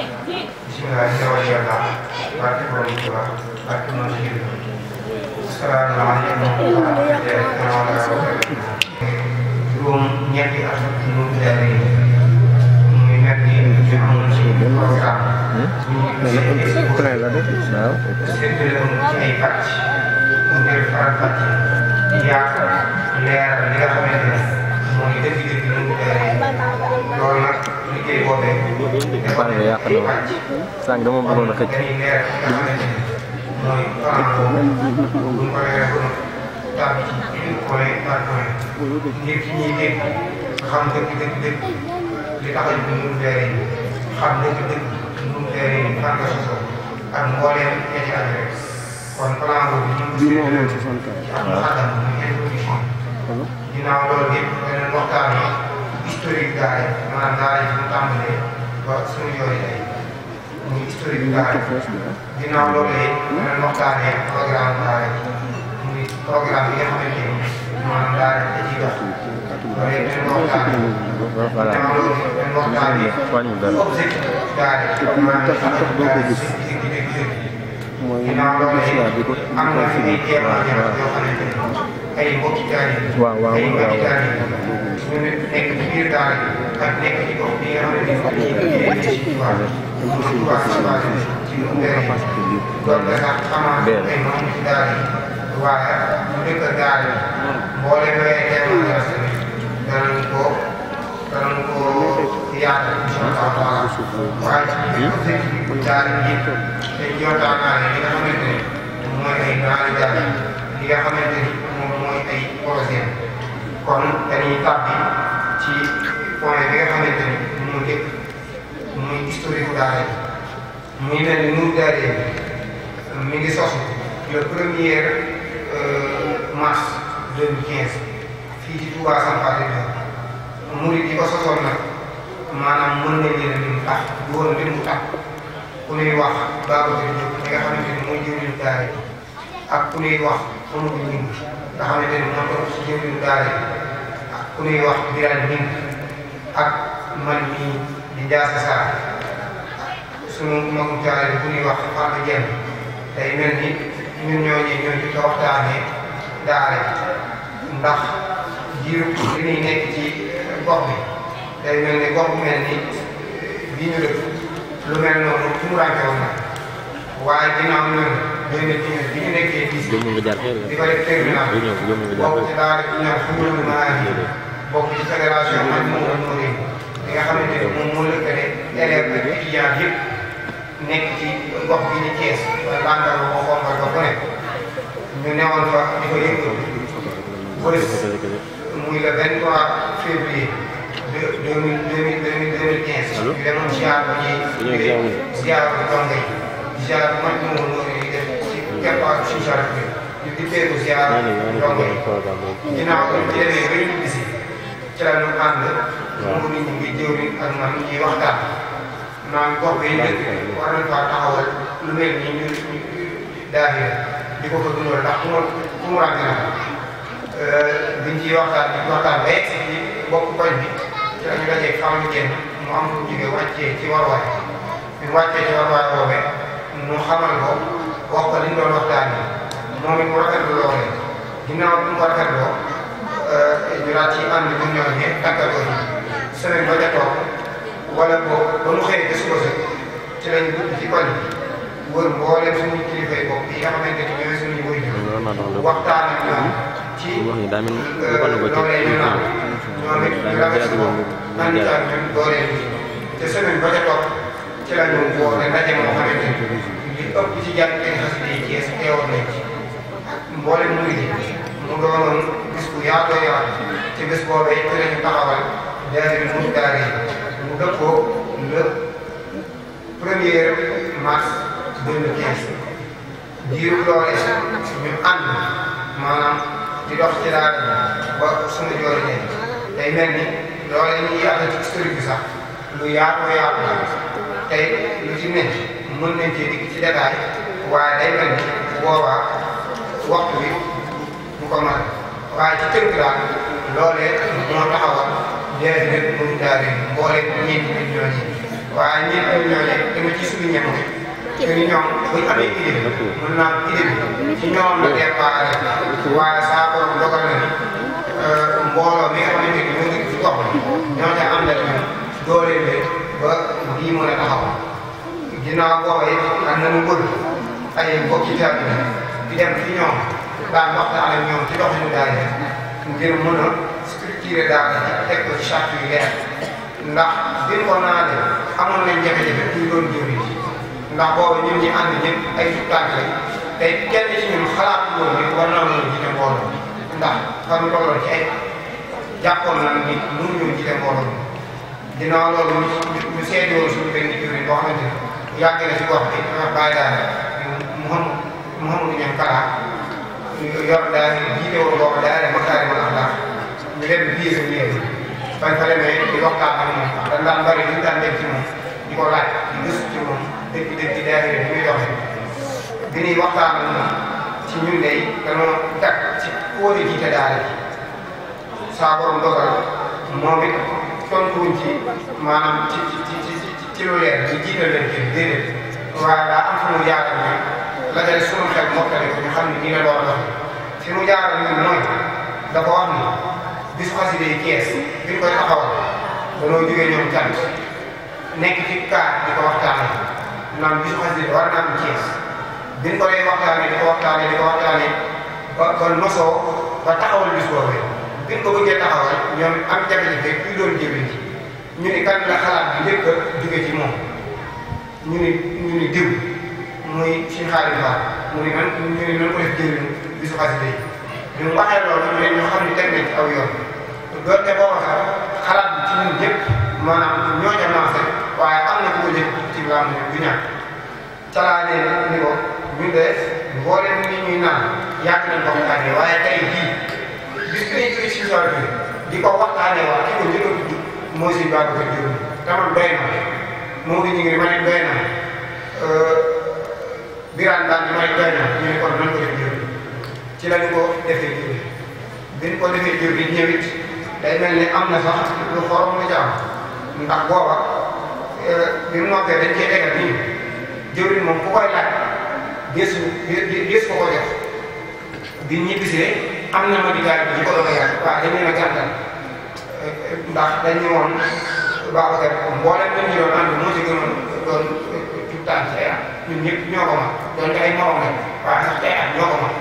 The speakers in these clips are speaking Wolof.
bisimilah teewal yàlla barke borom Tuuba barke moom si biir asalaamaaleykum wa rahmatulah wa barakatuh juróom ñetti at ñu leer yi muy mel ni ñu amoon ci programme ñu séddale ci ay pàcc ngir faral pàcc yaakaar leer li nga xamante ne mooy dëgg-dëgg ñu leer yi loolu nag pare nga yàq na sànq dama bëggoon a xëcc ngir ki ñuy dégg xam dëgg dëgg dëgg li tax a jug nu mu leeree xam dëgg dëgg nu mu leeree fan nga sosoo ak mbooleem ña ci ànd rek kon plan boobu ñu ngi ko defee ak mu xatam mu ngi ko defee ginnaaw loolu yëpp beneen waxtaan historique daara yi maanaam daara yi mu tàmbalee ba suñu yoon yi ay muy historique daara yi ginnaaw loolu yi danañ waxtaanee programme daara yi muy programme bi nga xamante ni maanaam daara yi da ciy dox loolu yëpp dañ ko waxtaanee ginnaaw loolu dañ waxtaanee objectif daara yi maanaam daara yi suñu gis gi dëgg-dëgg ginnaaw loolu yi am na fi ay jeexal yoo xamante ni ay mbokki daara yi ay mbokki daara yi unit take clear guide that next to the God does not come out and known to that why you look at that all the way down the then go then go the other why you think that you your time and you know it you know it you know it you know it you know it you know it kon dañuy tàbbi ci point bi nga xamante ni mu njëkk muy historique daara yi muy mel ni nuur daara yi mi ngi sosu le premier mars 2015 fii ci Touba Sampaate bi murid yi ko sosoon nag maanaam mën nañu ne lim tax du woon lim bu tax ku ñuy wax Babacar Diop mi nga xamante ni mooy jëriñu daara yi ak ku ñuy wax Amadou Ngingue nga xam ne moo ko ci jëriñu daare ak ku ñuy wax Birane Ning ak man mii di Ndiassa Sarr sunu magum taale bu ñuy wax Fane Dieng day mel ni ñun ñooñu ñoo ci ko waxtaanee daare ndax jiw li ñuy nekk ci gox bi day mel ni gox bu mel ni bii ñu lu mel noonu fu mu waaye ginnaaw ñooñu. jëmm nga jaar xel la. bu ñëw jëmm nga jaar xel la. bokk ci fédération man moo doon moo leen li nga xamante ne moom moo lëkkale élèves ak étudiants yëpp nekk ci gox bi ni Thiès Bangalore moo xombal ba ku nekk ñu newoon fa di ko yëngal bés muy le 23 février deux deux mille deux mille deux mille quinze. ñu demoon ziar ba ci ziar bu Tonga yi ziar bu mag moo kerkoo si genre bi ñu dikkee ko ziar ndongo yi ginnaaw bi ñu demee ba ñu bisi ci la ñu ànd. waaw nit ñi ngi jëwriñ ak man ñuy waxtaan. maam gox bi dëkk war nañ faa taxawal lu mel ni ñu di ko eh, e fa dundal ndax mu ku mu ràññee na biñ ciy waxtaan di waxtaan ba ci bokk koñ bi ci la ñu dajee xamuñu kenn am lu jóge wàccee ci warwaay bi wàccee xamal ko. wax ko liñ doon waxtaanee moom it mu rafetlu loolee ginnaaw bi mu ko rafetloo euh, ñu daal ci ànd bu ñëw ñëpp tàggatoo ñu semaine ba ca toog wala boo ba mu xëyee disposé ci lañ dugg ci koñ wër mbooleem suñu kilifa yi bopp yi nga xamante ni ñooy suñu wëy waxtaan ak ñoom ci euh, loolee ñu naan ñoom it ñu rafetlu ànd ak ñun dooleel te semaine ba ca toog ci lañu woo ne ndaje moo xamante ni li ëpp ci jànkeen xasida yi Cees teewoon nañ mboole muy di mu doonoon bis bu yaatoo yaatu ci bis boobu it lañu taxawal daari mu daari mu dëppoo le premier mars 2015 diiru loole ñu ànd maanaam di dox ci daal ba suñu joori ne day mel ni loole ñu yàlla ci historique bi sax lu yaatoo yaatu tey lu ci nekk mën nañ cee dikk ci détail waaye day mel ni bu boobaa waxtu wi mu ko mën waaye ci tënk daal loolee moo taxawal léeg léeg pour daal di boole ñeent ñi ñooñu waaye ñeent ñi ñooñu dama ci suñu ñebe te ni ñoom bu ñu amee idée mën naa idée ci ñoom la dee baare waaye saa borom dogal na ni mbooloo mi nga xamante ni ñoo ngi ci gox ñoo ca àndal ñoom dooleel ba lii mën a taxaw. ginnaaw booba it ak na mu wër ay mbokki taalibe di dem fi ñoom daan waxtaan ak ñoom ci doxinu daara ngir mën a structurer daara ji teg ko ci charte yu leer ndax biñ ko naane amoon nañ jafe-jafe kuy doon jëri ndax booba ñun ñi ànd ñëpp ay tuttànk lañ tey kenn ci ñun xalaat woon ni war naa mën a jiite mbooloo ndax fan tolloon ci ay jàppoon nañ ni mënuñu jiite mbooloo ginnaaw loolu ñu seeti woon suñu benn jëri boo xamante ne yàgg na ci gox bi ma ah, bàyyi daal mu xam mu xamul ñoom Fara yor daal jiite woon boo ko daal ma taal ma la ñu leen biir ñu leen bañ fa demee di waxtaan ak moom dañ daan bari li ñu daan dem ci moom di ko laaj di gëstu ci ci ci ci ci lu leer ñu jiital leen ci déedéet waaye daa am fu mu jaaral ñu la jëlee sunu xel mokkale ko ñu xam ne nii la doon dox fi mu jaaral ñu mooy da ko wax ni bis xasida yi Kees bi koy taxawal danoo jógee ñoom cant nekk ci kaar di ko waxtaanee naan bis xasida war naa am Kees biñ ko lay waxtaanee di ko waxtaanee di ko waxtaanee ba ba nosoo ba taxawal bis boobu biñ ko bëggee taxawal ñoom am jafe-jafe kuy doon jëwriñ ñu ne kan la xalaat bi njëkk a ci moom ñu ne ñu ne diw muy ci xaalis ba mu ne man ñu ne man ko def jëriñu bisu xasida yi ñu mu waxee ñu ne ñu xam ne teg nañ ci aw yoon doonte booba sax xalaat bi ci ñun ñëpp maanaam ñoo ca lancé waaye am na ku ko jëkk ci nga xam ne du ñàkk ko ñu dees mbooleem li ñuy naan yàgg nañ waaye tey jii ñu jóge ci soor bi di ko waxtaanee waa ki ko njëkk mooy suñu bàgg fa jóg tamit doy na moo ngi ñu ngi ma ne doy na euh, biraan di ma ne doy na ñu kon nan ko def ci lañu ko defee jur bi ñu ko defee jur am na euh, moom ku koy laaj deesu ko ko def bi ñu ñibbisee am na ma di gaar bi ñu ko doon yàq waaw dañu ne gàntal ndax dañu woon Babacar mboolem ñun ñu doon ànd moo ci gënoon doon tuttaan ci ay ñun ñëpp ñoo ko mag doon ay morom la waaye sax day am ñoo ko mag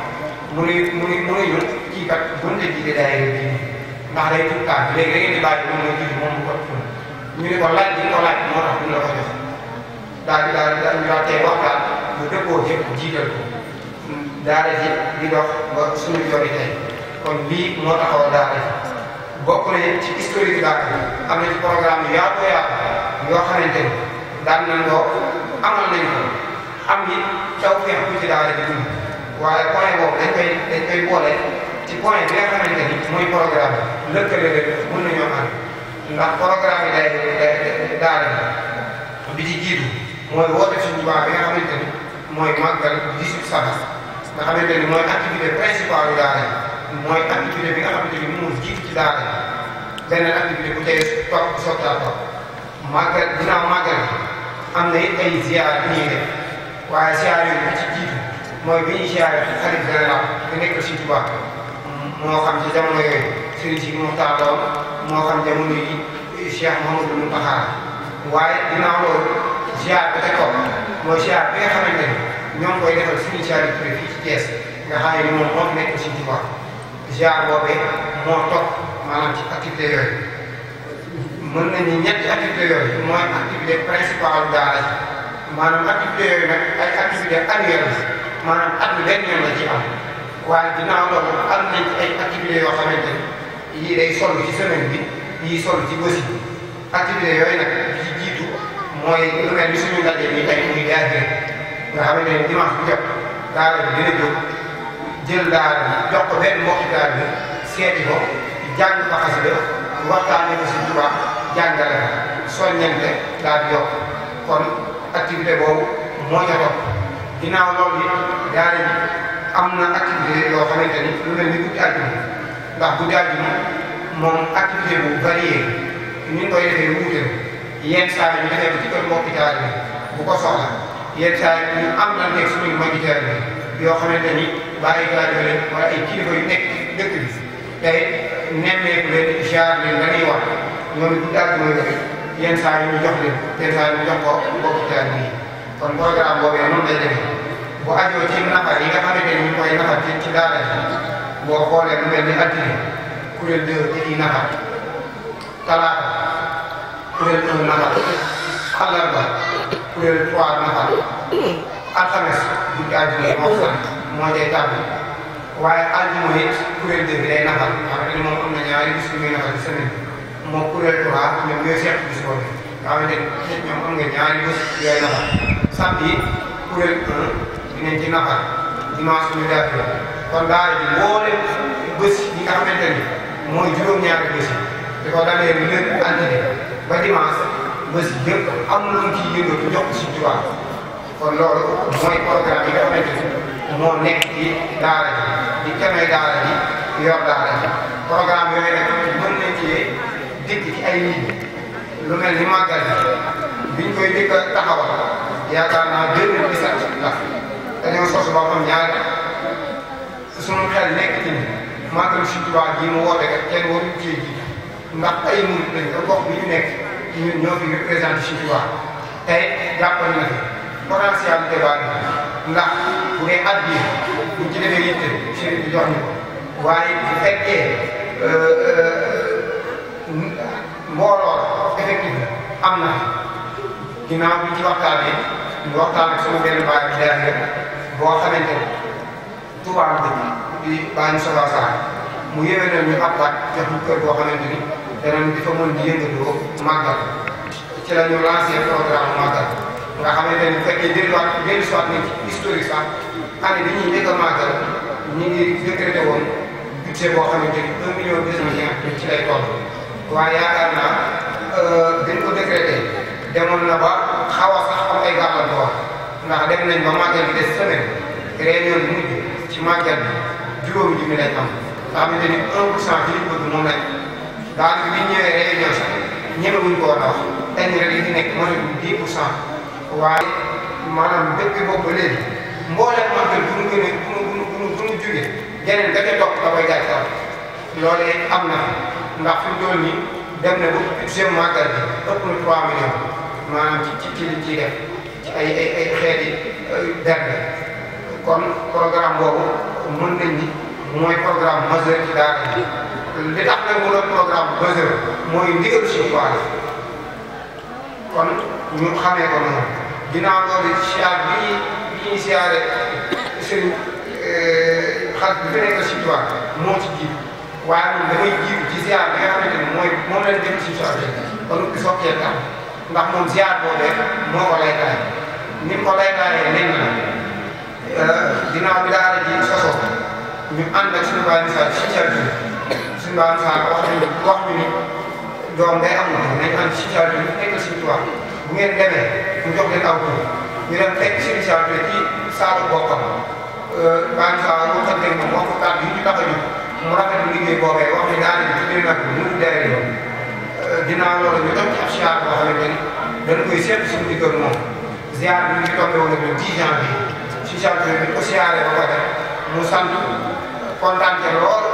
mu ne mu ne mu ne ñun kii kat buñ la jiite day bii ndax day tuttaan léegi da ngeen di bàyyi moom mooy jiitu moom bu ko ñu ne ko laaj bi ko laaj moo tax duñ la ko jox daal di daal daal ñu daal tey waxtaan bu dëppoo yëpp jiital ko daara ji di dox ba suñu jori tey kon lii moo taxaw daara ji bokk na ci historique daal am na ci programme yu yaatu yoo xamante ni daan nañ ko amal nañ ko am nit taw ci daara waaye point boobu dañ koy boole ci point bi nga xamante ni muy programme lëkkale leen mën nañoo ànd ndax programme yi bi ci jiitu mooy woote suñu baax bi nga xamante mooy màggal 18 safar nga xamante ni mooy activité principale yu daara mooy activité bi nga xamante ni moo jiitu ci daara beneen activité bu tey topp sottal topp màggal ginnaaw màggal am na it ay ziar bi ñuy def waaye ziar yooyu bi ci jiitu mooy bi ñuy ziar xarit dana la bi nekk ci Tuubaa moo xam ci jamono yooyu Serigne si Muxtaar lool moo xam jamono yi Cheikh Mouhamadou Mountakha waaye ginnaaw loolu ziar bi te topp mooy ziar bi nga xamante ni ñoo ngi koy defal suñu ziar yi fii ci Thiès nga xam ne moom moo nekk ci Tuubaa ziar boobee moo topp maanaam ci activité yooyu mën nañu ñetti activité yooyu mooy activité principale daara ji maanaam activité yooyu nag ay activité annuelle maanaam at bi benn ay activité yoo xamante ni yii day sol ci semaine bi yii sol ci yooyu nag bi jiitu mooy lu mel ni suñu ndaje bi muy DRD nga xamante ne dimanche bu jot bi dina jóg. jël daara bi jox ko benn mbokku daara bi seeti ko jàng ko xasida waxtaane ko si tubaab jàngale ko soññante daal di yokk boobu moo ca topp ginnaaw loolu yi daara ji am na activité yoo xamante ni lu mel ni guddi àjjuma ndax guddi àjjuma moom activité bu varié ñu ngi koy defee wuute yenn saa yi ñu ko ci kër mbokki daara bi bu ko soxla yenn saa yi am na nekk suñu mbokki daara bi yoo xamante ni bàyyi gaajo leen wala ay kilifa yu nekk dëkk bi tey nemmeeku leen jaar leen la ñuy wax ñoom it daal mooy def yenn saa yi ñu jox leen yenn saa yi ñu jox ko mbokku jaar bi kon programme boobu noonu ajoo ci nafar yi nga xamante ni koy nafar ci ci daara boo xoolee lu mel ni altine kuréel deux dañuy nafar talaata kuréel un nafar àllarba kuréel trois nafar alxames guddi àjjuma moo fa moo jay tàbbi waaye àjjuma it kuréel bi day nafal xam nga moom am na ñaari bis yu muy nafal ci semaine moo kuréel trois ñoom ñooy seq bis boobu nga xamante ne ñoom am nga ñaari bis yooyu nafal samedi kuréel un dinañ ci nafal dimanche ñu def kon daara ji boole bés yi nga xamante ni mooy juróom-ñaari bés yi di ko dalee lundi altine ba dimanche bés yëpp am lu ñu ciy yëngatu jox ko ci tubaab kon loolu mooy programme yi nga xamante ni moo nekk ci daara ji di keneen daara ji yor daara ji programme yooyu nag mën nañ ci dikk ci ay lignes lu mel ni màggal bi ñu koy dikk taxawal yaakaar naa 2017 la dañoo sos boppam ñaari sunu xel nekk ci ni màggal mu woote kat kenn waruñu cee ji ndax ay murit lañ la bi ñu nekk ñun ñoo fi représenté si Tuubaa tey jàppal na fi. potentiel débat ndax bu dee at bi buñ ci defee yitte sëriñ bi jox ñu ko waaye bu fekkee euh, mbooloo effectif am na ginnaaw bi ci waxtaanee ñu waxtaan ak benn baay bi leer boo xamante ni tubaab bi baa ñu soxla mu yéwénal ñu ab waat kër boo xamante ni danañ di fa mën di yëngatoo màggal ci la ñu lancé programme màggal nga xamante ne bu fekkee delluwaat dellusiwaat nañ ci historique sax année bi ñuy njëkk a màggal ñu ngi décrété woon budget boo xamante ni un million deux cent cinquante ci lay toll. waaye yaakaar naa dañ euh, ko décrété demoon na ba xaw a sax am ay gàllankoor ndax dem nañ ba màggal bi des semaine réunion bi mujj ci màggal bi juróomi junni lañ am. nga xamante ni un pour cent bi liñ bëgg moom lañ daanaka bi ñu ñëwee réunion sax ñemewuñ ko woon a wax dañ ne rek li ci nekk mooy dix pour cent. waaye maanaam dëkk boobu ba léegi mboolem màggal bu ñu gën a bu ñu bu ñu bu ñu geneen da ca topp da koy jaay sax am na ndax fi mu nii dem na ba budget màggal bi ëpp na 3 millions maanaam ci ci ci ay ay ay xeeti derne kon programme boobu mën nañ ni mooy programme majeur ci daara ji li tax nag mu doon programme mooy ndigalu si kon ñu xamee ko noonu ginnaaw loolu siyaar bii bii ñuy siyaare seen euh, xar bi fi nekk si tubaab moo ci jiitu waaye ñun damay jiitu ci siyaar bi nga xamante ni mooy moom lañ dem si tubaab bi kon sokkee tam ndax moom siyaar boobu rek moo ko lay taay ni mu ko lay taayee lenn la ginnaaw euh, bi daara ji sosoo ñu ànd ak suñu bàyyi si siyaar bi suñu bàyyi misaal wax nañu wax ni doom day am na nañu ànd si siyaar bi ñu nekkal si tubaab bu ngeen demee mu jox leen aw tur ñu dem fekk suñu saa ci saalu boppam euh, maa ngi faa moo xam ne moom moo ko kàddu yi ñu tax a jóg mu rafetlu liggéey boobee wax ne daal di tuddee nag mu dere yoon euh, ginnaaw loolu ñu toog ci ab siyaar boo xamante ni dañ koy seetlu suñu diggante moom ziar bi ñu ngi tombé woon ak ñun 10 janvier si janvier bi ko siyaaree ba ko def mu sant kontaan ca lool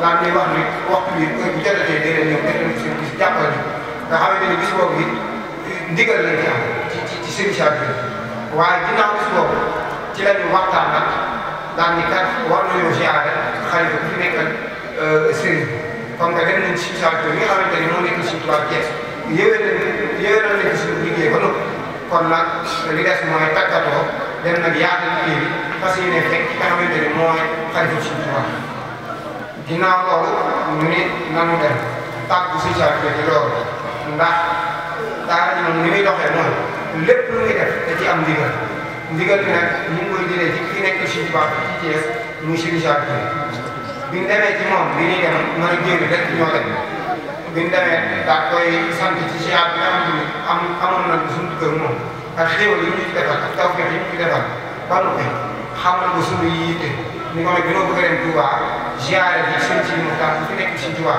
naan ñuy wax ni waxtu bi bu jotee day leen ñëw gis jàppal nga xamante ni bis boobu it ndigal lañ ci am ci ci ci sëriñ Saar bi waaye ginnaaw bis boobu ci lañu waxtaan nag daan ni kat war nañoo ziare xalifa bu fi nekkal euh, sëriñ comme que dem nañ ci Saar bi nga xamante ni moo nekk ci tubaab Thiès yéwee nañ yéwee nañ nekk suñu liggéey ba noppi kon nag li des mooy tàggatoo dem nag yaatal liggéey bi fas yéene fekk ki nga xamante ni mooy xalifa suñu tubaab ginnaaw loolu ñu ne nanu dem tàggu si Saar bi loolu ndax. daara ji moom ni muy mooy lépp lu muy def da am ndigal ndigal ngi koy jëlee ci ki nekk ci baax ci Thiès muy Serigne Sadio bi ñu demee ci moom bi ñuy dem mën a jéem rek bi ñu am na suñu kër moom ak xéwal yi ñu ci defal ak taw feex yi defal ba noppi xam na ko suñu yitte ni ko nag dina bëgg a dem Touba ziar yi suñ ci mu tax fi nekk ci Touba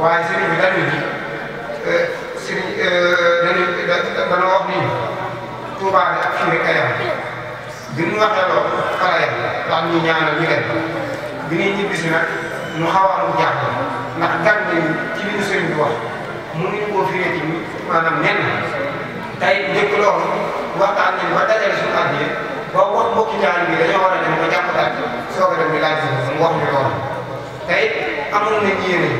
waaye sëriñ Serigne dañuy dañoo wax ni Touba de ak fii rek a yem bi ñu waxee loolu xale yam daal ñu ñaanal ñu dem bi ñuy si nag ñu xaw a am jàpp ndax jàng nañu ci li ñu Serigne bi wax mënuñu koo firee ci nen tey njëkk loolu waxtaan nañu ba dajale suñu àddiyee ba wax mbokki ñaari bi dañoo war a dem ba jàpp daal soo ko dem di laaj si mu wax ñu loolu tey amoon nañu yéene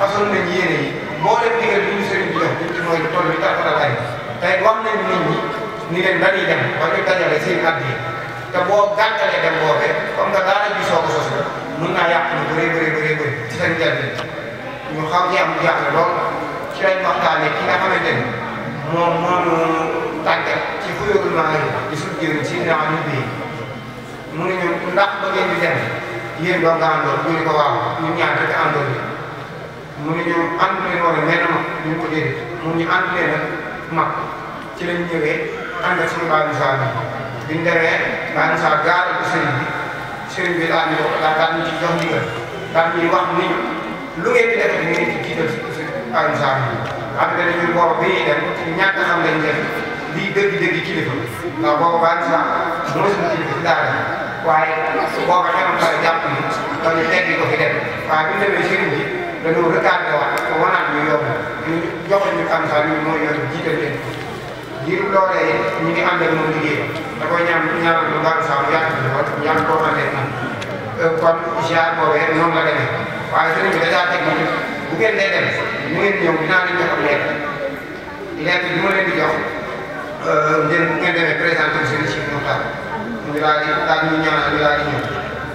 façon nañu yéene yi moo leen digal li ñu Serigne bi jox mooy tool bi tax a bari tey wax nañ nit ñi ni leen dañuy dem ba ñu dajale seen at yi te boo gàncalee dem boobee comme nga daara ji soog a mun naa yàq lu bëree bëree bëree ci seen njëriñ ñu xam ci am jaaxle lool ci lañ waxtaanee ki nga xamante ni moom moomu tàggat ci fuyagul maa ngi di suñu jëriñ si ndax ñu bii mu ne ñu ndax ba ngeen di ñu mu ne ñoom ànd leen war a mel ko déedéet mu ni ànd leen ak mag ci lañ ñëwee ànd ak suñu baalu saa bi biñ demee baalu saa gaal ko sëriñ bi sëriñ bi daan ñu ko daan daan ñu ci jox ndigal daan ñuy wax ni lu ngeen di def ngeen ci jiital si baalu saa bi am na ñun boobu bi ñuy dem ci ñàkk xam waaye boobu xelam pare ni dañu teggi ko fi dem waaye bi ñu demee sëriñ dañoo retardé waat ko wanaat ñu yow ñu jox ñu xam-xam ñu mooy yoon jiital leen ngir loolee ñu ngi ànd ak moom liggéey da koy ñaan ñaanal lu baax sax mu yaatu ñu woon ñaan koo xam ne kon ziar boobee noonu la demee waaye sëriñ bi dèjà teg ñu bu ngeen dee dem mu ngeen ñëw dinaa leen jox lekk lekk bi ma leen di jox ngeen bu ngeen demee présenté sëriñ si mu tax ñu daal di daal ñu ñaanal ñu daal di ñëw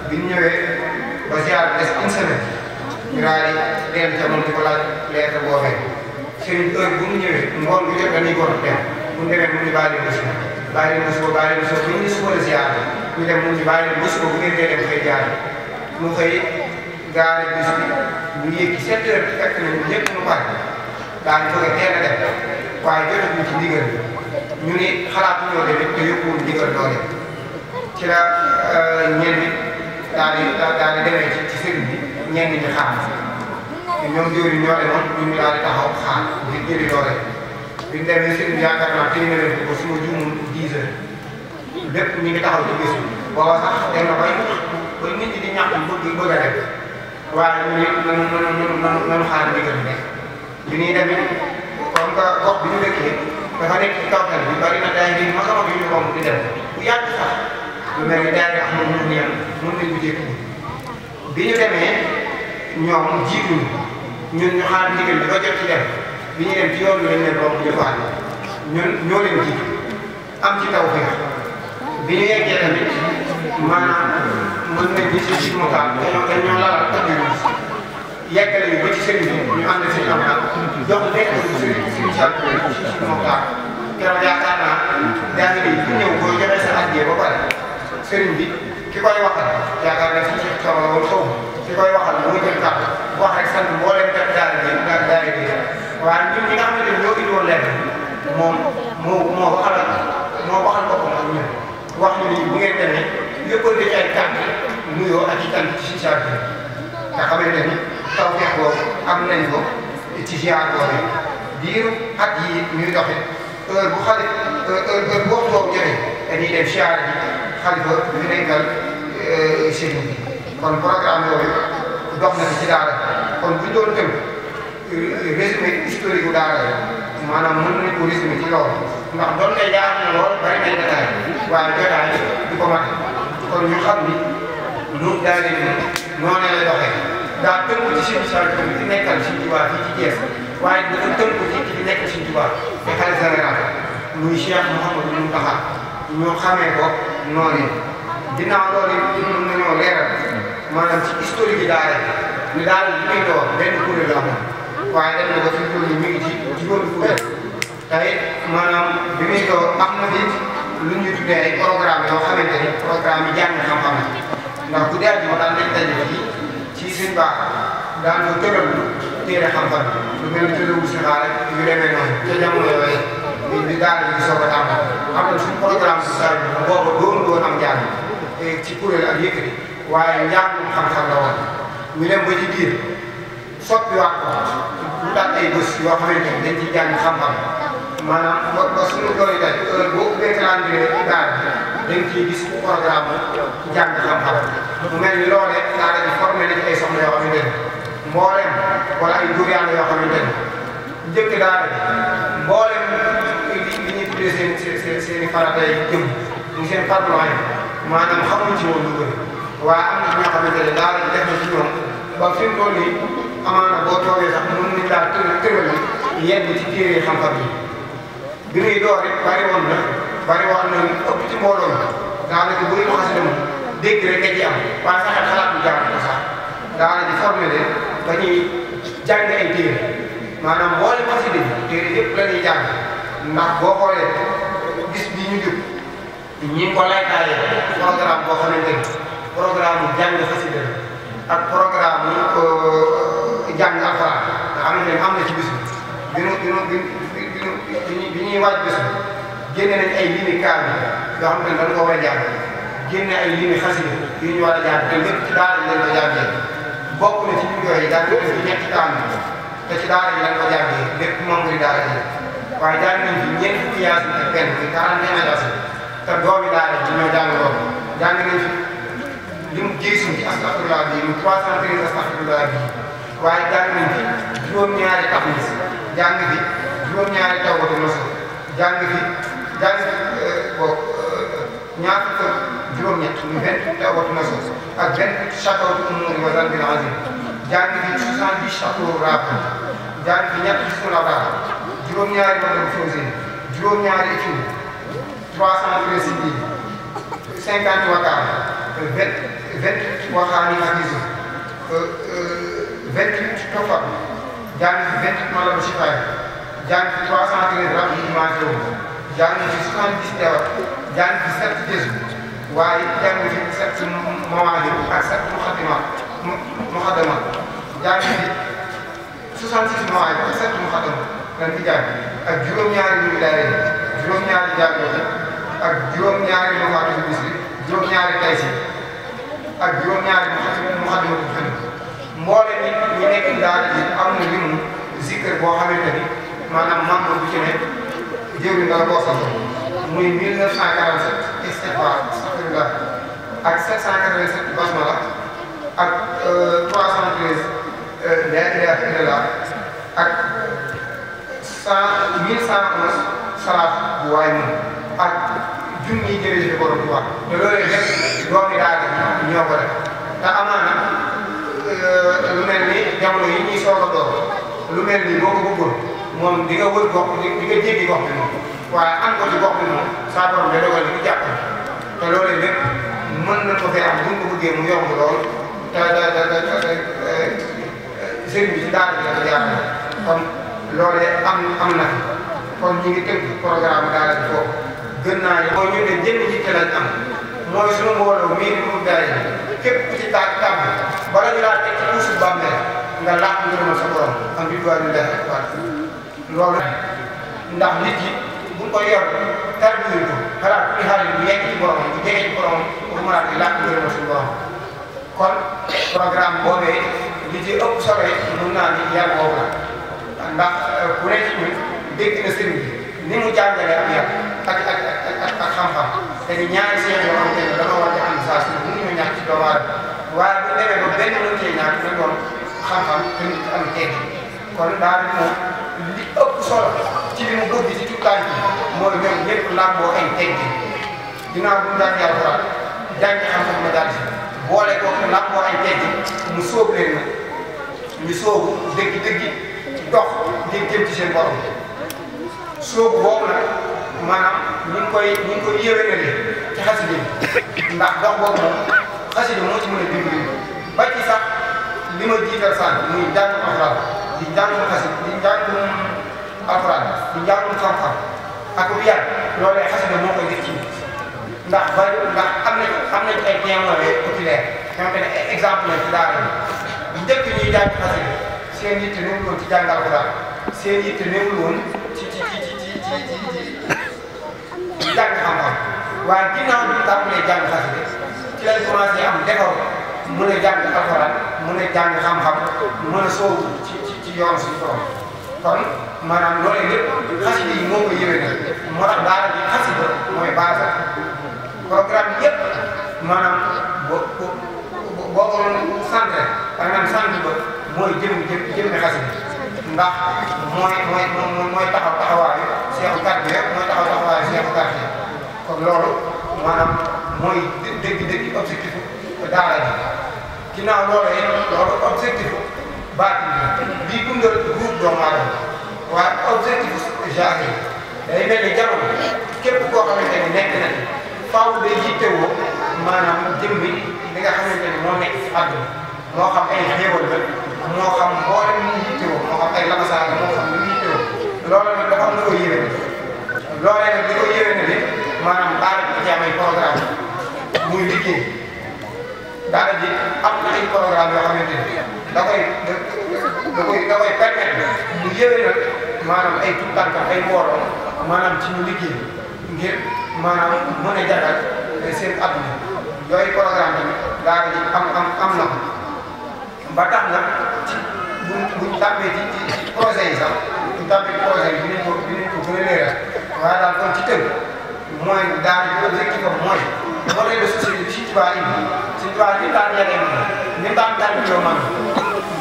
bi ñu ñëwee ba ziar des une semaine ñu daal di dem ca moom di ko laaj lettre boobee sëriñ heure mu ñëwee ngoon bu jot dañuy góor dem bu ñu demee mu ñu baale bés ba baale bés ba baale bés ba bu ñu suba la ziar ñu dem mu ñu baale bés ba bu ngeen dee dem fay jaar mu xëy gaare bés bi mu yéeg sept heures fekk nañu ñëpp mu pare di bëgg a teel a dem ni xalaat ñoo demee te yóbbuwul ndigal doole ci la euh, ñenn daal di daal di demee ci ñenn ñi xaar te ñoom jëwriñ ñoo demoon ñun di taxaw xaar ngir jëli doole bi ñu demee sëñ bi di ñàkk a def waaye ñu ne nanu nanu xaar ndigal bi bi ñuy demee comme que gox bi ñu dëkkee dafa nekk ci kaw bi bari na daay bi ma bu yàgg sax lu mel ni daay bi am na ñu ñëw mën bi ñu demee ñoom jiitu ñun ñu xaar ndigal bi ba jot ci dem bi ñu dem ci yoon bi lañ leen romb ñu ko ànd ñun ñoo leen jiitu am ci taw bi ñu yeggee tamit maanaam mën nañ ñu si si mokaan dañoo dañoo ñu yeggale ñu ba ci sëriñ bi ñu ànd si am daal jox lekk si si si mokaan keroog yaakaar naa daa ngi ku ñëw boo joxe sa àggee ba pare sëriñ bi. ki koy waxal yaakaar naa suñu xeetu sama loolu xaw ki koy waxal moo jël kàddu wax rek sant mboolem kat daara bi daara daara bi waaye ñun ñi nga xam ne ñoo indiwoon lenn moom moo moo waxalal moo waxal boppam ak ñun wax ñu ni bu ngeen demee yëppal di ay kàddu nuyoo ak i tànn ci charge bi nga xamante ni taw feex boobu am nañ ko ci ziar boobu diiru at yi ñuy doxee heure bu xale heure heure boobu boobu jotee dañuy dem ziar ji xalifa ñu nekkal sëriñ bi kon programme yooyu dox na ci daara kon bu ñu doon tënk résumé historique gu daara yi maanaam mën nañ ko ci loolu ndax doon na yaar na lool bari nañ jotaay waaye jotaay du ko mat kon ñu xam ni lu daara ci suñu saal bi di nekkal suñu Tuubaa fii ci Thiès waaye dafa tënku ci ci nekk suñu Tuubaa te xamee ko noonu ginnaaw loolu it mën nañoo leeral maanaam ci historique yi daara ñu daal li benn kuréel la amoon waaye dem na ko mi ngi ci juróomi kuréel te it maanaam bi muy door am na fi lu ñu tuddee ay programme yoo xamante ni programme yi jàng xam-xam ndax bu dee moo daan dañ daje fii ci seen baax daan ko tëral téere xam-xam yi soog a tàmbal am na suñu programme social bi boobu doon doon léegi ci kuréel ak yëkkati waaye njàngum xam-xam la woon ñu dem ba ci biir soppiwaat ko mu daal ay bés yoo xamante ne xam-xam maanaam ba ba suñu doole daal heure boo ubbee calendrier daal dañ ciy gis programme jàng xam-xam mu mel ni loolee daara yoo xamante ne seen seen seen maanaam xamuñ ci woon lu bëri waaye am na ñoo xamante ne daal def na ci ba fi mu toll amaana boo toogee sax mën nañ daal tëral tëral na ñu dégg rek ci am waaye sax xalaat bu jàng ko sax daanaka formé leen ba ñuy jàng ay téere maanaam boole xasida téere yëpp la ñuy jàng ndax boo xoolee gis bi ñu jub. ñi ko laytaale programme boo xamante ni programme mu jàng xasida ak programme mu euh, jàng alxuraan nga xamante ne am na ci bis bi ñu bi ñu bi ñu bi ñuy waaj bis bi génne nañ ay limi kaar bi yoo ne dañ ko war a jàng génne ñu war a jàng te ci daara lañ ko jàngee bokk na ci biir yooyu daan nañ fi ñetti taam te ci daara lañ ko jàngee lépp moom la daara ji waaye daan nañ fi ñeenti kiyaas ak benn bi 41 kiyaas te doomi daara ji ñoo jàng loolu jàng nañ fi li mu géesuñ ci astafurlah bi mu 313 astafurlah bi waaye jàng nañ fi juróom-ñaari taxis jàng fi juróom-ñaari tawbatu nasuh jàng fi jàng fi euh, boobu euh, ñaar fukk juróom-ñett ñu benn tawbatu nasuh ak benn chakawtu umuri wa zanbil azim jàng fi 70 chakawtu rabu jàng fi ñett suna rabu juróom-ñaari madal fawzin juróom-ñaari études trois cent treize mille cinquante wakkaam vingt vingt wakkaam yi ak isu euh, euh, vingt huit tofam jàng vingt huit malabu sifaay trois cent treize rab yi manqué wu jàng ci soixante dix sept jésu waaye jàng ci sept mawaali ak sept muxaddima muxaddama jàng ci soixante six mawaali ak sept muxaddama lan fi jàng ak juróom-ñaari ñu wilaaya juróom-ñaari jàng ak juróom-ñaari mafaatul bichri juróom-ñaari taysiir ak juróom-ñaari muxaddimatul fenn mboolem nit ñi nekk daal di am na limu zikr boo xamante ni maanaam membre bu ci ne jëwri nga la koo sant muy 1947 istigfaar astaghfirullah ak 787 basmala ak 313 euh, euh, laa ilaaha illallaah ak 100 1111 salaat bu waay moom ɗum ñi dirigé kono duwa no ɗone def doomiɗaade ñoo ko def te amaana lu mel ni jamono yi ñuy soog a door lu mel ni boo ko bëggoon moom di nga wër gox di nga jéggi gox bi moom waaye am ko ci gox bi moom saa borom da dogal di jàpp te loolee lépp mën na ko fee am buñ ko bëggee mu yomb lool te te te te sëriñ bi ci daara bi la ko jàpp kon loolee am am na kon ñu ngi tënk programme daara bi foofu gën naa ñu ñu ne jënd jiite lañ am mooy suñu mbooloo mii di mu daay képp ku ci taat tàmm bala ñu laa teg ci tuuti bàmmeel nga laaj ngërëmal sa borom am bi doy ñu def waat loolu ndax nit yi bu ko yor tarbiyu ko xalaat bi xaar yi bu yegg ci borom bu jege ci borom pour mën a di laaj ngërëmal suñu borom kon programme boobee li ci ëpp solo yi mun naa ni yàlla boobu la ndax ku nekk ci ñun dégg na sëriñ bi ni mu jàngalee ak yàlla xam-xam te ni ñaari seen yoo xam te ne dañoo war di ànd saa ñàkk ci doomu waaye bu demee ba benn mën cee ñàkk na doon xam-xam te nit am tekki kon daal moom li ëpp solo ci xam-xam la daal boole ko làmboo ay tekki mu sóobu na ñu sóobu dëgg-dëgg dox ngir seen borom sóobu boobu nag. maanaam ñu ngi koy ñu ngi koy yéwénalee ndax dox boobu moom xasida moo ci mën a dimbali ba ci sax li ma jiital sànni muy jàngum alxuraan di jàngum xasida di jàngum alxuraan di jàngum xam-xam ak wiyaan loolee xasida moo koy def ci ndax bari ndax am nañ am nañ ay témoins populaires yoo xam ne ay exemple la ci daara yi njëkk ñuy jàng xasida seen yitte newul woon ci jàngal alxuraan seen yitte newul woon ci ci ci ci ci ci. jàng xam-xam waaye ginnaaw bi tàmbalee mun xasida ci lañ commencé am décor mën a jàng alxuraan mën a jàng xam-xam mën a soowu ci ci yoon suñu borom kon maanaam loolu lépp xasida yi moo ko yéwénal moo tax daara bi xasida mooy base programme yëpp maanaam boo boo boo ko doon centré par exemple centre ba mooy jëm jëm jëm xasida ndax mooy mooy mooy taxaw taxawaayu. Cheikh Mbacke rek mooy taxaw taxawaayu Cheikh Mbacke kon loolu maanaam mooy dégg-dégg objectif daara ji ginnaaw loolu yëpp loolu objectif baat bi bii gunge groupe doomu aadama waaye objectif genre yi day mel ni jarul képp koo xamante ni nekk na ci faaw day yittewoo maanaam jëmmi li nga xamante ni moo nekk ci àdduna moo xam ay xéewal la moo xam boo dem ñu yittewoo moo xam ay labasaar la moo xam lu yittewoo loolu nag dafa am na ko loolee nag di ko yéwénalee maanaam daara ji ci am ay programme muy liggéey daara ji am na ay programme yoo xamante ni da koy da koy da koy maanaam ay tuutànkam ay mbooloo maanaam ci ñu ngir maanaam mën a jagal seen adduna yooyu programme tamit daara ji am am am na na ci buñ buñ tàmbee ci ci projet yi sax buñ tàmbee ci projet waaye daal kon ci tënk mooy daal di objectif am mooy modèle de société bi ci tubaab yi ci tubaab yi daal ñeneen ñi daan daan ñoo man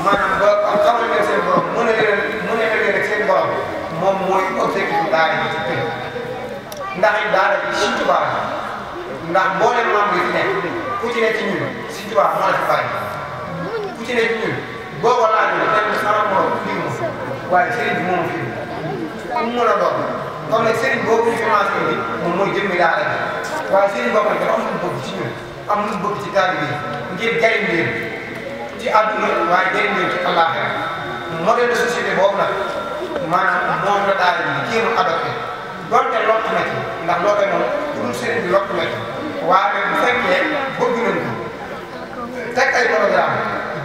maanaam ba xamal leen seen borom mu ne leen mu ne leen rek seen borom moom mooy objectif daal di ci tënk ndax it daal di ci tubaab ndax mboolem maam bi fi nekk ku ci ne ci ñun ci tubaab moo la fi bàyyi ku ci ne ci ñun boo ko laajee dañ ko sama morom fi mu waaye sëriñ bi moom fi mu mun a doon kon seen sëriñ boobu ñu commencé bi moom mooy jëmmi daara bi waaye sëriñ boo xam ne am lu bëgg ci ñun am lu bëgg ci taalibe bi ngir jariñ leen ci àdduna waaye jariñ leen de société boobu nag maanaam na ci ndax loo koy noonu dul sëriñ bi lott na ci waaye bu fekkee bëgg nañ ko teg ay programme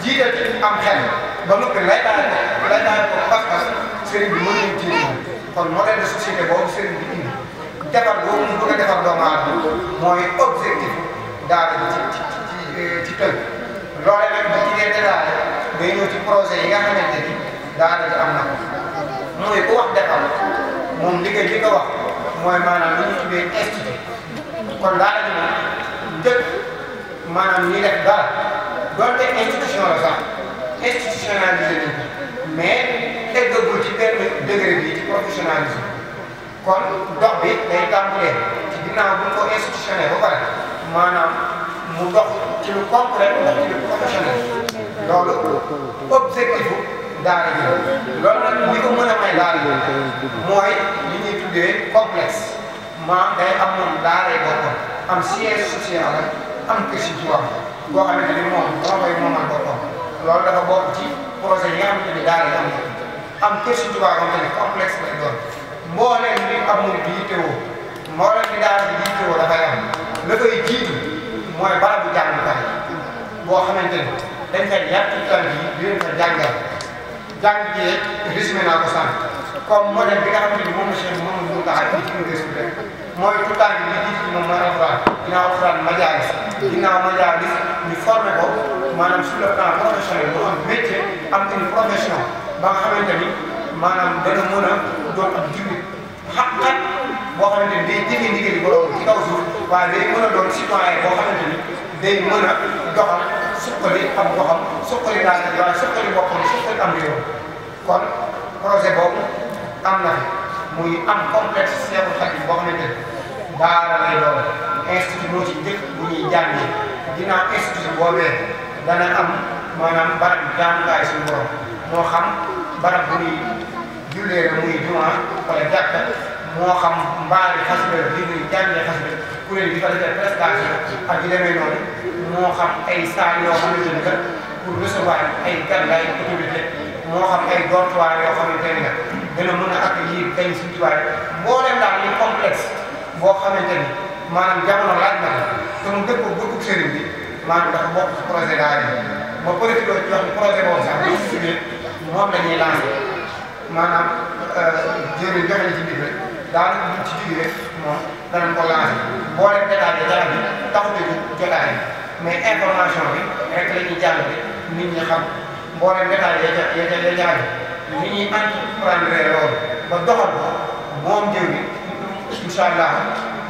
jiital ci am xel ba noppi lay daal ko lay daal ko pas-pas sëriñ bi mën nañ ci kon modèle de société boobu sëriñ bi indi defar boobu mu bëgg a defar doomu aadama mooy objectif daara bi ci ci ci tënk loolee nag bu ci dee détaillé day ñëw ci projet yi nga xamante ni daara ji am na ko mooy ku wax defar moom liggéey li ko wax mooy maanaam lu ñu tuddee institut kon daara ji moom ñuy def dara doonte institution la sax institutionnalisé eggagul ci benn degré bi ci professionnalisme kon dox bi day tàmbalee ci ginnaaw bu ñu ko institutionné ba pare maanaam mu dox ci lu concret dox ci lu professionnel loolu objectif daara ji loolu nag li ko mën a may daara ji mooy li ñuy tuddee complexe maanaam day am moom daaray boppam am siège social am kër si tubaab boo xamante ni moom dama koy moomal boppam loolu dafa bokk ci projet yi nga xamante ni daara yi am am kër si tubaab yi tamit complexe lay doon mbooleem li am murid bi yittewoo mbooleem li daara bi yittewoo dafay am la koy jiitu mooy barabu jàngukaay boo xamante ni dañ fay yàq tànk yi di leen fa jàngal jàng jee résumé naa ko sànq comme modèle bi nga xamante ni moom la Cheikh moom mu tax a ci université mooy tout temps na li jiitu moom mooy alxuraan ginnaaw alxuraan majaalis ginnaaw majaalis ñu formé ko maanaam sur le plan professionnel mu am métier am une profession ba nga xamante maanaam dana mën a di ab jullit xaqat boo xamante ni day yi borom ci kaw suuf waaye day mën a doon citoyen boo a doxal suqali am doxam suqali daal di waaye suqali boppam suqali am réew kon projet boobu am na muy am complexe Seexul Xadiim boo xamante ni dana am maanaam barab jaamukaay suñu borom. moo xam barab bu ñuy jullee la muy jumaa wala jàkka moo xam mbaari xasida li ñuy jàngee xasida kuréel yi di fa defee prestation ak yu demee noonu moo xam ay saal yoo xamante ni que pour recevoir ay gan laay autorité moo xam ay dortoir yoo xamante ni que dina mën a accueillir gañ si tubaab yi mbooleem daal li complexe boo xamante ni maanaam jamono laaj na ko te mu dëpp bëggu sëriñ bi maanaam dafa bokk projet daal yi ba projet boobu sax moom la ñuy lancé maanaam jëriñ joxe na ci biir rek daanaka buñ ci biir ko lancé boo leen détaillé dara taxut a jóg jotaay mais information bi rek la ñuy jàllale nit ñi xam boo leen détaillé ya ca ya ca ya jaay nit loolu ba doxal ko moom jëriñ incha allah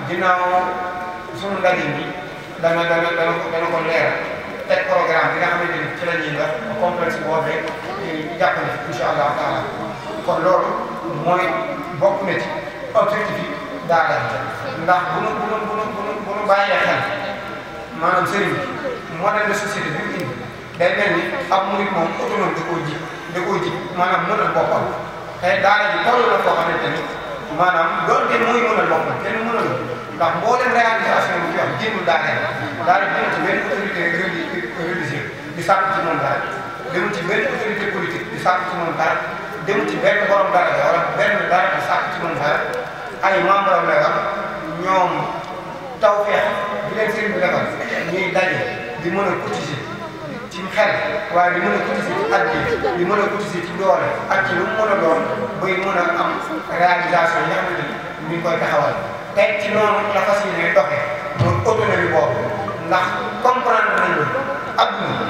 ginnaaw sunu ndaje bi dana dana dana ko dana teg programme bi nga xamante ni ci la ñuy def complexe boobee ñu jàppale fi allah taala kon loolu mooy bokk na ci objectif yi daara ndax bu nu bu nu bu nu bu nu bu nu bàyyee xel maanaam sëriñ bi modèle de société bi mu indi day mel ni ab murit moom autonome da koo ji da koo ji maanaam mënal boppam te daara ji toll la koo xamante ni maanaam doonte muy mënal boppam kenn mënal ndax mboolem réalisation bi ñu wax génn daara daal di ci benn autorité religieuse di sàkk ci moom dara demul ci benn autorité politique di sàkk ci moom dara demul ci benn borom dara wala benn dara di sàkk ci moom dara ay membre am lay wax ñoom tawfeex bi leen sëriñ bi defal ñuy daje di mën a cotiser ci xel waaye di mën a cotiser ci at bi di mën a cotiser ci doole ak ci mu mën a doon bay am réalisation yi nga xam ne ñu ngi koy taxawal tey ci noonu la fas yéene doxee mooy autonomie ndax comprendre nañu adduna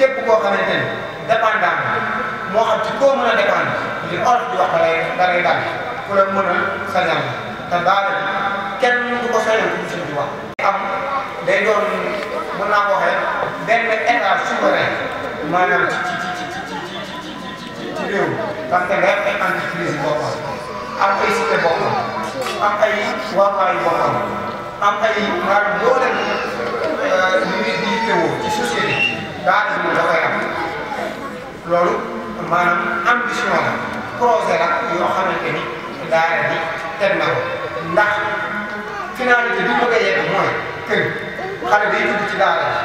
képp koo xamante ni dépendant moo xam koo mën a dépendre li olof di wax da lay da a sañal te daara kenn du ko sañal ku sëñ bi wax day doon mën naa ko benn état souverain maanaam ci ci ci ci ci ci ci réew parce que am ay entreprise boppam am ay cité boppam am ay waawaay am ay maanaam yoo leen li muy di teewoo ci société daa di moom dafay am loolu maanaam ambition la projet la yoo xamante ni daara ji teg na ko ndax finalité bi bëgg a yegg mooy kër xale day dugg ci daara ji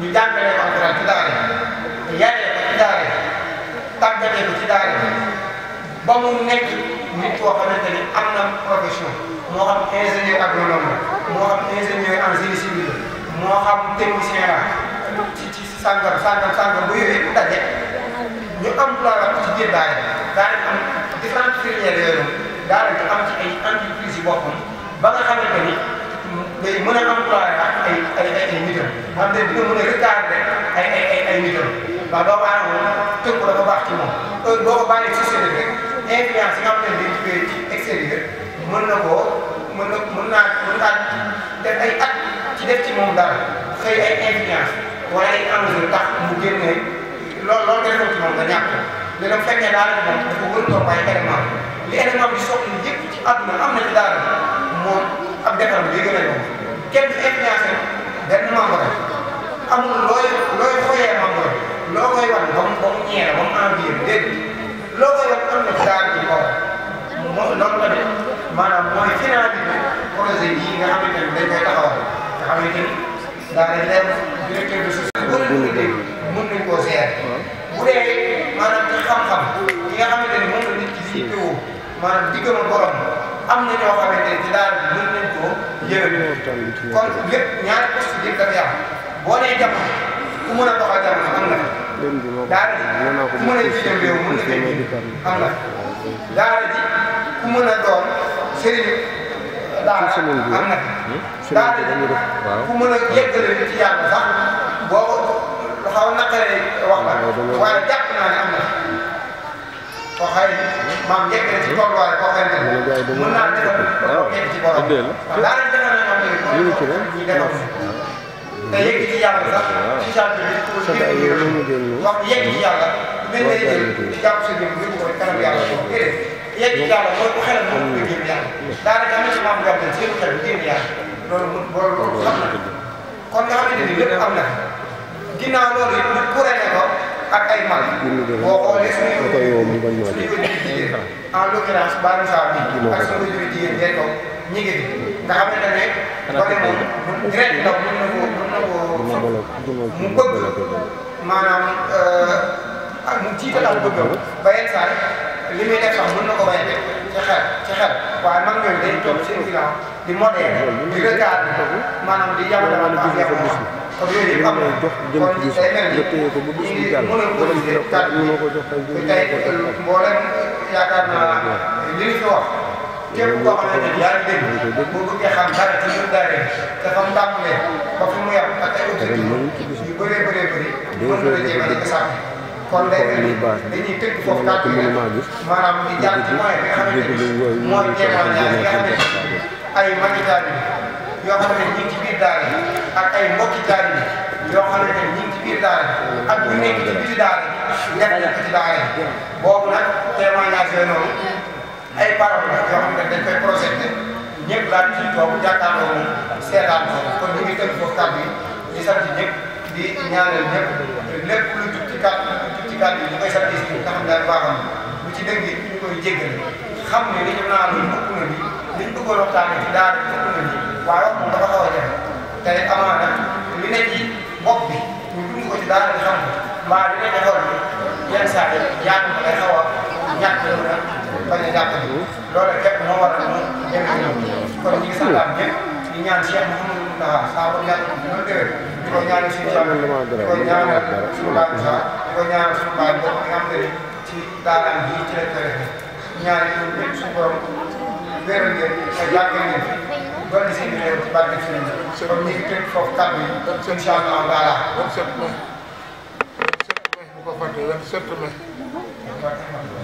ñu jàngalee ko alxuraan ci daara ji yaree ko ci daara ji tàggatee ko ci daara ji ba mu nekk nit koo xamante ni am na profession moo xam ingénieur agronome la moo xam ingénieur en génie civil la moo xam technicien la ci ci sàngam sàngam sàngam bu yooyu bu daje ñu am plan ci biir daara daara am différentes filières yooyu daara ñu am ci ay entreprise yi boppam ba nga xamante ni day mën a employé ak ay ay ay ay nitam xam ne dina mën a retardé ay ay ay ay nitam ndax doomu aadama tënku dafa baax ci moom heure boo ko bàyyee ci seen rek influence yi nga ne dañ mën na koo. mën na mën naa mën naa def ay at ci def ci moom dara xëy ay influence wala ay mu génne loolu loolu nga defoon ci moom nga ñàkk mais nag bu fekkee daara bi moom dafa wër topp ay élément li élément bi soxla yëpp ci àdduna am na ci daara moom bi gën a yomb kenn daayira yi nga xamante ne dañ koy taxawal nga xamante ni daanaka leer directeur de société bu ñu liggéey mën nañ koo seer bu dee maanaam ci xam-xam yi nga xamante ni moom la nit ki di teewoo maanaam diggama borom am na ñoo xamante ni ci daara bi mën nañ koo yëwee kon lépp ñaari poste yëpp dafa yàqu boo nee jàpp ku mën a doxal jàmm am na daara ji ku mën a jiitam réew mën na am na daara ji ku mën a doon sëriñ fii semaine bi am na hmm? semaine bi dañuy def waaw ku mën a yeggale ci yàlla sax boo ko xaw a naqaree wax la waaye jàpp naa ne am na koo xëy maam yegg na ci tolluwaay koo xëy na mën naa defal waaw yegg ci borom daa leen defal na ñoom ñu defal te yegg ci yàlla sax ci genre bi wax yegg ci yàlla mel na jàpp sa jëm ko kanam yàlla yegg ci yàlla mooy ku xelal moom nga génn yàlla daanaka am na ci maam gàttal seen xel génn yàlla loolu loolu loolu xam na kon nga xamante ni lépp am na ginnaaw loolu it ñu kuréele ko ak ay mal boo xoolee suñu suñu jigéen en l'occurrence Bani Saa bi ak jur jigéen ngay ko ñi ngi nga xam ne ne bone moom direct ndaw mën na ko mën na ko euh, mu bëgg maanaam mu jiital ba yenn saa li muy def sax mën na ko bañ a ci xel ci xel waaye mag ñooñu day toog seen ginnaaw di modèle di regard maanaam di yàlla dafa am yàlla wax kon yooyu yëpp am na kon day mel ni ñu mën a mobiliser kàddu gi tey mboolem yaakaar naa li ñu fi wax képp koo xamante ni yaa dara ci biir daara te fa mu tàmbalee ba fu mu yem ak ay objectifs yu bëree bëree bëri mën na a nekk kon day dañuy tënk foofu kàddu yi maanaam di jaar ci moyen bi nga xamante ni mooy témoignage yi nga xamante ni ay magi daal yi yoo xam ne ñu ngi ci biir yi ak ay mbokki daara yi yoo xam ne ñu ngi ci biir daara yi ak ñu nekk ci biir yi ñàkk ñàkk ci boobu nag témoignage yooyu noonu ay parole la yoo xam ne dañ koy ko kon ñu ngi tënk foofu kàddu yi di sant di ñaanal ñëpp lépp lu jub ci kàddu kàddu ñu koy sant si ñun nga xam daal ci dégg ñu koy jéggale xam ne li ñu naan loolu ëpp na a liñ bëggoon waxtaanee ci daara ëpp na nii waaye wax moom dafa xaw a jafe tey amaana li ne ci bopp bi ko ci daara di xam mbaa li ne ci xol bi yenn saa yi yaatu ko day xaw a ñàkk loolu nag bañ a jàppale loolu képp moo waral ñu dem ci ñoom kon ñu ñaan Cheikh Mouhamadou Moustapha saa ba yàlla mu gën a ko ñaanal suñu bàyyi di ko ñaanal suñu bàyyi sax di ko ñaanal suñu bàyyi la ñaari ñoom ñëpp suñu borom wéral ngeen sa si ñu ci barke sëriñ bi kon ñu ngi tënk foofu kàddu yi incha allah taala. vingt-sept mai vingt